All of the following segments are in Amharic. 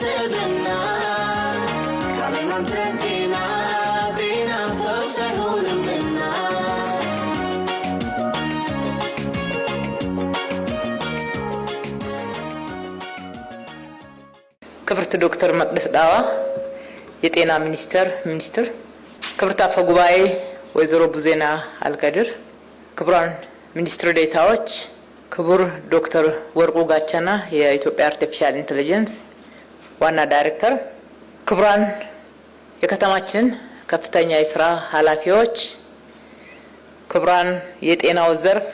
ክብርት ዶክተር መቅደስ ዳዋ የጤና ሚኒስቴር ሚኒስትር፣ ክብርት አፈ ጉባኤ ወይዘሮ ቡዜና አልቀድር፣ ክቡራን ሚኒስትር ዴታዎች፣ ክቡር ዶክተር ወርቁ ጋቻና የኢትዮጵያ አርቲፊሻል ኢንቴሊጀንስ ዋና ዳይሬክተር፣ ክቡራን የከተማችን ከፍተኛ የስራ ኃላፊዎች፣ ክቡራን የጤናው ዘርፍ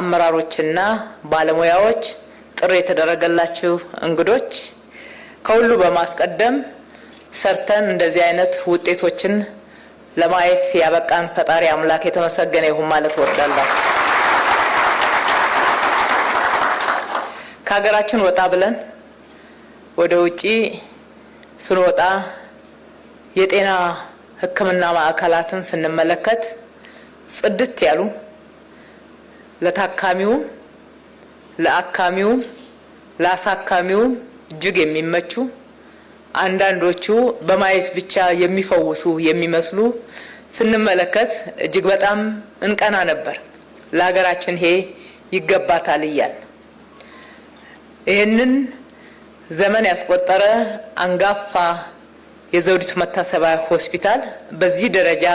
አመራሮችና ባለሙያዎች፣ ጥሪ የተደረገላችሁ እንግዶች፣ ከሁሉ በማስቀደም ሰርተን እንደዚህ አይነት ውጤቶችን ለማየት ያበቃን ፈጣሪ አምላክ የተመሰገነ ይሁን ማለት እወዳለሁ። ከሀገራችን ወጣ ብለን ወደ ውጪ ስንወጣ የጤና ሕክምና ማዕከላትን ስንመለከት ጽድት ያሉ ለታካሚውም ለአካሚውም ለአሳካሚውም እጅግ የሚመቹ አንዳንዶቹ በማየት ብቻ የሚፈውሱ የሚመስሉ ስንመለከት እጅግ በጣም እንቀና ነበር። ለሀገራችን ይሄ ይገባታል እያል ይህንን ዘመን ያስቆጠረ አንጋፋ የዘውዲቱ መታሰቢያ ሆስፒታል በዚህ ደረጃ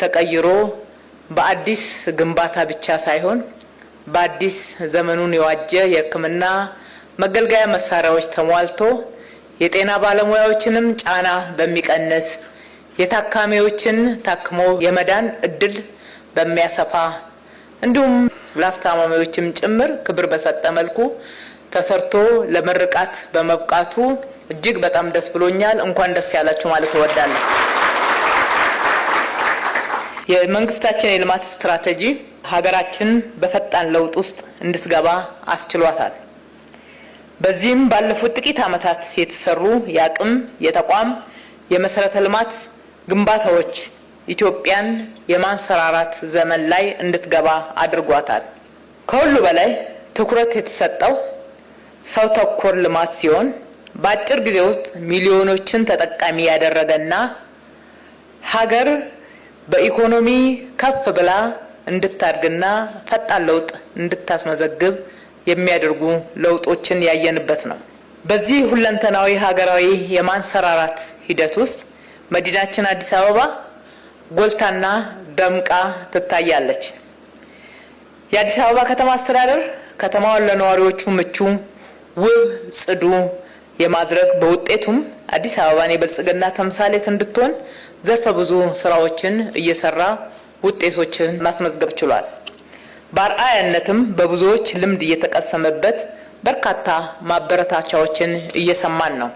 ተቀይሮ በአዲስ ግንባታ ብቻ ሳይሆን በአዲስ ዘመኑን የዋጀ የሕክምና መገልገያ መሳሪያዎች ተሟልቶ የጤና ባለሙያዎችንም ጫና በሚቀንስ የታካሚዎችን ታክሞ የመዳን እድል በሚያሰፋ እንዲሁም ላስታማሚዎችም ጭምር ክብር በሰጠ መልኩ ተሰርቶ ለምርቃት በመብቃቱ እጅግ በጣም ደስ ብሎኛል። እንኳን ደስ ያላችሁ ማለት እወዳለሁ። የመንግስታችን የልማት ስትራቴጂ ሀገራችን በፈጣን ለውጥ ውስጥ እንድትገባ አስችሏታል። በዚህም ባለፉት ጥቂት ዓመታት የተሰሩ የአቅም፣ የተቋም፣ የመሰረተ ልማት ግንባታዎች ኢትዮጵያን የማንሰራራት ዘመን ላይ እንድትገባ አድርጓታል። ከሁሉ በላይ ትኩረት የተሰጠው ሰው ተኮር ልማት ሲሆን በአጭር ጊዜ ውስጥ ሚሊዮኖችን ተጠቃሚ ያደረገና ሀገር በኢኮኖሚ ከፍ ብላ እንድታድግና ፈጣን ለውጥ እንድታስመዘግብ የሚያደርጉ ለውጦችን ያየንበት ነው። በዚህ ሁለንተናዊ ሀገራዊ የማንሰራራት ሂደት ውስጥ መዲናችን አዲስ አበባ ጎልታና ደምቃ ትታያለች። የአዲስ አበባ ከተማ አስተዳደር ከተማዋን ለነዋሪዎቹ ምቹ ውብ፣ ጽዱ የማድረግ በውጤቱም አዲስ አበባን የብልጽግና ተምሳሌት እንድትሆን ዘርፈ ብዙ ስራዎችን እየሰራ ውጤቶችን ማስመዝገብ ችሏል። በአርአያነትም በብዙዎች ልምድ እየተቀሰመበት በርካታ ማበረታቻዎችን እየሰማን ነው።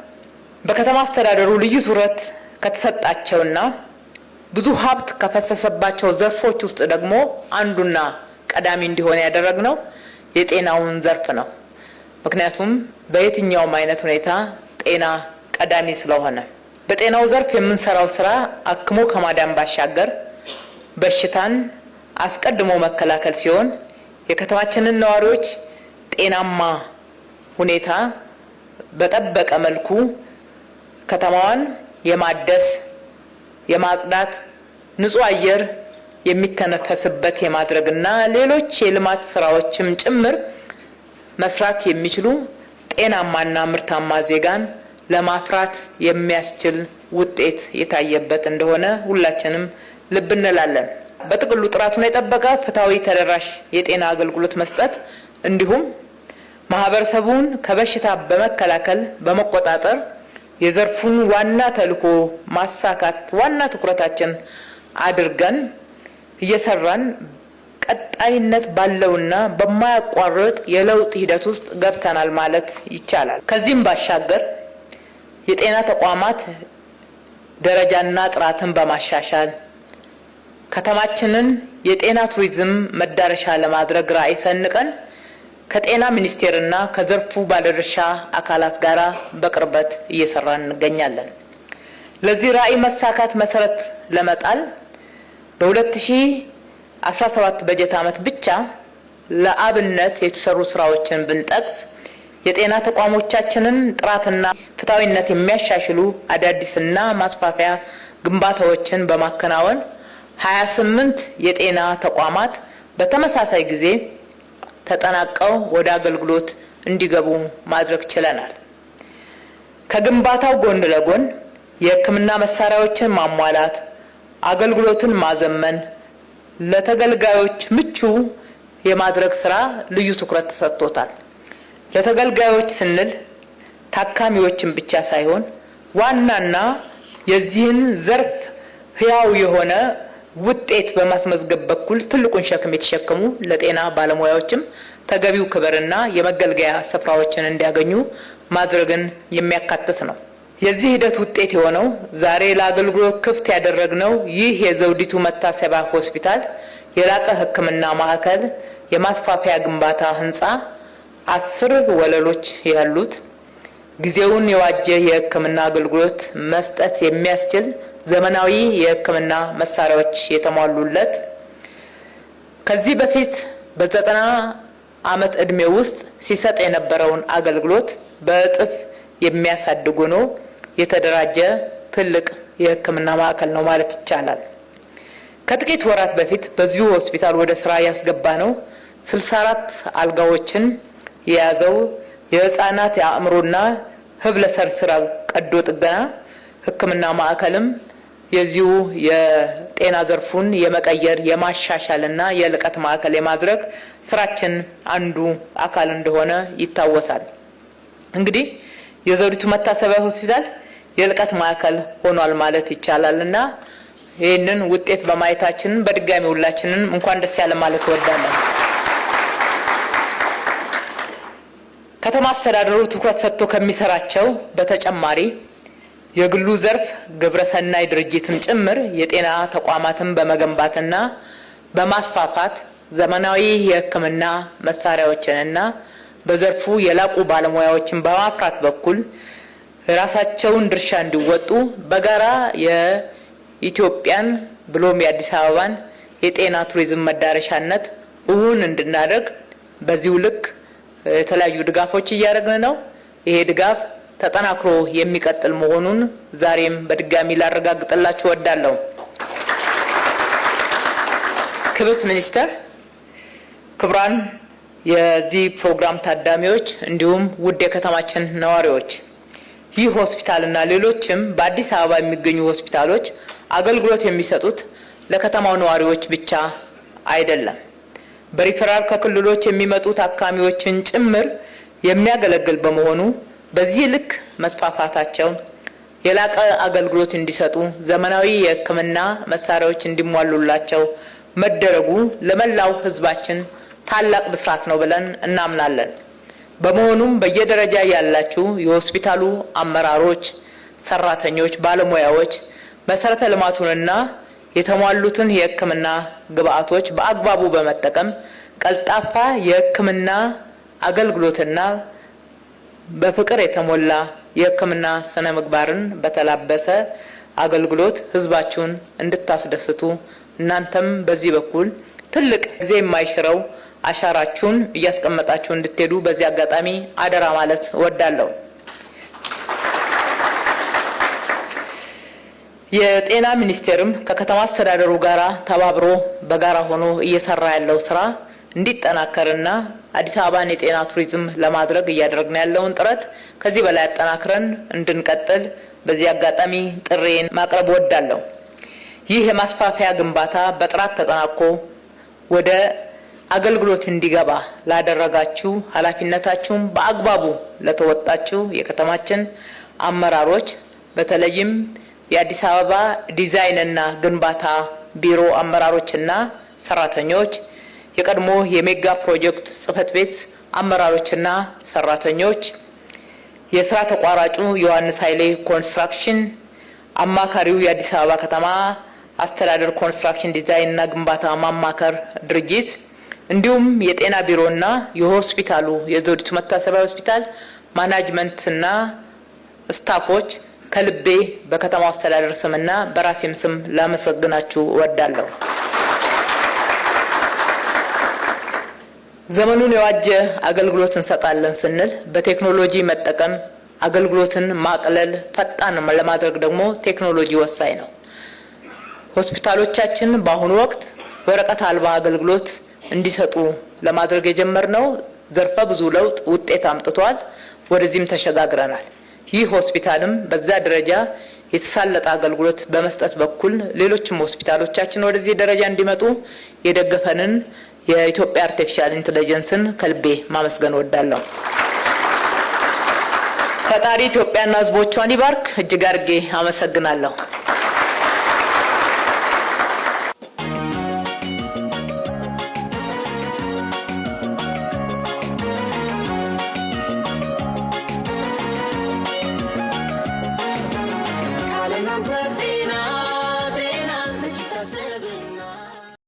በከተማ አስተዳደሩ ልዩ ትኩረት ከተሰጣቸውና ብዙ ሀብት ከፈሰሰባቸው ዘርፎች ውስጥ ደግሞ አንዱና ቀዳሚ እንዲሆን ያደረግነው የጤናውን ዘርፍ ነው። ምክንያቱም በየትኛውም አይነት ሁኔታ ጤና ቀዳሚ ስለሆነ በጤናው ዘርፍ የምንሰራው ስራ አክሞ ከማዳን ባሻገር በሽታን አስቀድሞ መከላከል ሲሆን የከተማችንን ነዋሪዎች ጤናማ ሁኔታ በጠበቀ መልኩ ከተማዋን የማደስ የማጽዳት፣ ንጹህ አየር የሚተነፈስበት የማድረግና ሌሎች የልማት ስራዎችም ጭምር መስራት የሚችሉ ጤናማና ምርታማ ዜጋን ለማፍራት የሚያስችል ውጤት የታየበት እንደሆነ ሁላችንም ልብ እንላለን። በጥቅሉ ጥራቱን የጠበቀ ፍትሐዊ፣ ተደራሽ የጤና አገልግሎት መስጠት እንዲሁም ማህበረሰቡን ከበሽታ በመከላከል በመቆጣጠር የዘርፉን ዋና ተልዕኮ ማሳካት ዋና ትኩረታችን አድርገን እየሰራን ቀጣይነት ባለውና በማያቋርጥ የለውጥ ሂደት ውስጥ ገብተናል ማለት ይቻላል። ከዚህም ባሻገር የጤና ተቋማት ደረጃና ጥራትን በማሻሻል ከተማችንን የጤና ቱሪዝም መዳረሻ ለማድረግ ራዕይ ሰንቀን ከጤና ሚኒስቴርና ከዘርፉ ባለድርሻ አካላት ጋር በቅርበት እየሰራን እንገኛለን። ለዚህ ራዕይ መሳካት መሰረት ለመጣል በ 17 በጀት ዓመት ብቻ ለአብነት የተሰሩ ስራዎችን ብንጠቅስ የጤና ተቋሞቻችንን ጥራትና ፍትሐዊነት የሚያሻሽሉ አዳዲስና ማስፋፊያ ግንባታዎችን በማከናወን 28 የጤና ተቋማት በተመሳሳይ ጊዜ ተጠናቀው ወደ አገልግሎት እንዲገቡ ማድረግ ችለናል። ከግንባታው ጎን ለጎን የሕክምና መሳሪያዎችን ማሟላት፣ አገልግሎትን ማዘመን ለተገልጋዮች ምቹ የማድረግ ስራ ልዩ ትኩረት ተሰጥቶታል። ለተገልጋዮች ስንል ታካሚዎችን ብቻ ሳይሆን ዋናና የዚህን ዘርፍ ህያው የሆነ ውጤት በማስመዝገብ በኩል ትልቁን ሸክም የተሸከሙ ለጤና ባለሙያዎችም ተገቢው ክብርና የመገልገያ ስፍራዎችን እንዲያገኙ ማድረግን የሚያካትት ነው። የዚህ ሂደት ውጤት የሆነው ዛሬ ለአገልግሎት ክፍት ያደረግነው ይህ የዘውዲቱ መታሰቢያ ሆስፒታል የላቀ ሕክምና ማዕከል የማስፋፊያ ግንባታ ህንፃ አስር ወለሎች ያሉት ጊዜውን የዋጀ የሕክምና አገልግሎት መስጠት የሚያስችል ዘመናዊ የሕክምና መሳሪያዎች የተሟሉለት ከዚህ በፊት በዘጠና ዓመት ዕድሜ ውስጥ ሲሰጥ የነበረውን አገልግሎት በእጥፍ የሚያሳድጉ ነው። የተደራጀ ትልቅ የሕክምና ማዕከል ነው ማለት ይቻላል። ከጥቂት ወራት በፊት በዚሁ ሆስፒታል ወደ ስራ ያስገባ ነው 64 አልጋዎችን የያዘው የህፃናት የአእምሮና ህብለሰር ስራ ቀዶ ጥገና ህክምና ማዕከልም የዚሁ የጤና ዘርፉን የመቀየር የማሻሻልና የልቀት ማዕከል የማድረግ ስራችን አንዱ አካል እንደሆነ ይታወሳል። እንግዲህ የዘውዲቱ መታሰቢያ ሆስፒታል የልቀት ማዕከል ሆኗል ማለት ይቻላል እና ይህንን ውጤት በማየታችን በድጋሚ ሁላችንን እንኳን ደስ ያለ ማለት እወዳለሁ። ከተማ አስተዳደሩ ትኩረት ሰጥቶ ከሚሰራቸው በተጨማሪ የግሉ ዘርፍ ግብረሰናይ ድርጅትም ጭምር የጤና ተቋማትን በመገንባትና በማስፋፋት ዘመናዊ የሕክምና መሳሪያዎችንና በዘርፉ የላቁ ባለሙያዎችን በማፍራት በኩል የራሳቸውን ድርሻ እንዲወጡ በጋራ የኢትዮጵያን ብሎም የአዲስ አበባን የጤና ቱሪዝም መዳረሻነት እውን እንድናደርግ በዚሁ ልክ የተለያዩ ድጋፎች እያደረግን ነው። ይሄ ድጋፍ ተጠናክሮ የሚቀጥል መሆኑን ዛሬም በድጋሚ ላረጋግጥላችሁ እወዳለሁ። ክብርት ሚኒስተር፣ ክቡራን የዚህ ፕሮግራም ታዳሚዎች እንዲሁም ውድ የከተማችን ነዋሪዎች ይህ ሆስፒታልና ሌሎችም በአዲስ አበባ የሚገኙ ሆስፒታሎች አገልግሎት የሚሰጡት ለከተማው ነዋሪዎች ብቻ አይደለም። በሪፈራል ከክልሎች የሚመጡ ታካሚዎችን ጭምር የሚያገለግል በመሆኑ በዚህ ልክ መስፋፋታቸው የላቀ አገልግሎት እንዲሰጡ ዘመናዊ የሕክምና መሳሪያዎች እንዲሟሉላቸው መደረጉ ለመላው ሕዝባችን ታላቅ ብስራት ነው ብለን እናምናለን። በመሆኑም በየደረጃ ያላችሁ የሆስፒታሉ አመራሮች፣ ሰራተኞች፣ ባለሙያዎች መሰረተ ልማቱንና የተሟሉትን የሕክምና ግብአቶች በአግባቡ በመጠቀም ቀልጣፋ የሕክምና አገልግሎትና በፍቅር የተሞላ የሕክምና ስነ ምግባርን በተላበሰ አገልግሎት ህዝባችሁን እንድታስደስቱ እናንተም በዚህ በኩል ትልቅ ጊዜ የማይሽረው አሻራችሁን እያስቀመጣችሁ እንድትሄዱ በዚህ አጋጣሚ አደራ ማለት ወዳለሁ። የጤና ሚኒስቴርም ከከተማ አስተዳደሩ ጋር ተባብሮ በጋራ ሆኖ እየሰራ ያለው ስራ እንዲጠናከርና አዲስ አበባን የጤና ቱሪዝም ለማድረግ እያደረግን ያለውን ጥረት ከዚህ በላይ አጠናክረን እንድንቀጥል በዚህ አጋጣሚ ጥሬን ማቅረብ ወዳለሁ። ይህ የማስፋፊያ ግንባታ በጥራት ተጠናቆ ወደ አገልግሎት እንዲገባ ላደረጋችሁ፣ ኃላፊነታችሁን በአግባቡ ለተወጣችሁ የከተማችን አመራሮች በተለይም የአዲስ አበባ ዲዛይንና ግንባታ ቢሮ አመራሮችና ሰራተኞች፣ የቀድሞ የሜጋ ፕሮጀክት ጽህፈት ቤት አመራሮችና ሰራተኞች፣ የስራ ተቋራጩ ዮሐንስ ኃይሌ ኮንስትራክሽን፣ አማካሪው የአዲስ አበባ ከተማ አስተዳደር ኮንስትራክሽን ዲዛይንና ግንባታ ማማከር ድርጅት እንዲሁም የጤና ቢሮና የሆስፒታሉ የዘውዲቱ መታሰቢያ ሆስፒታል ማናጅመንትና ስታፎች ከልቤ በከተማው አስተዳደር ስምና በራሴም ስም ላመሰግናችሁ እወዳለሁ። ዘመኑን የዋጀ አገልግሎት እንሰጣለን ስንል በቴክኖሎጂ መጠቀም፣ አገልግሎትን ማቅለል፣ ፈጣን ለማድረግ ደግሞ ቴክኖሎጂ ወሳኝ ነው። ሆስፒታሎቻችን በአሁኑ ወቅት ወረቀት አልባ አገልግሎት እንዲሰጡ ለማድረግ የጀመርነው ዘርፈ ብዙ ለውጥ ውጤት አምጥቷል። ወደዚህም ተሸጋግረናል። ይህ ሆስፒታልም በዛ ደረጃ የተሳለጠ አገልግሎት በመስጠት በኩል ሌሎችም ሆስፒታሎቻችን ወደዚህ ደረጃ እንዲመጡ የደገፈንን የኢትዮጵያ አርቲፊሻል ኢንቴሊጀንስን ከልቤ ማመስገን ወዳለሁ። ፈጣሪ ኢትዮጵያና ሕዝቦቿን ይባርክ። እጅግ አርጌ አመሰግናለሁ።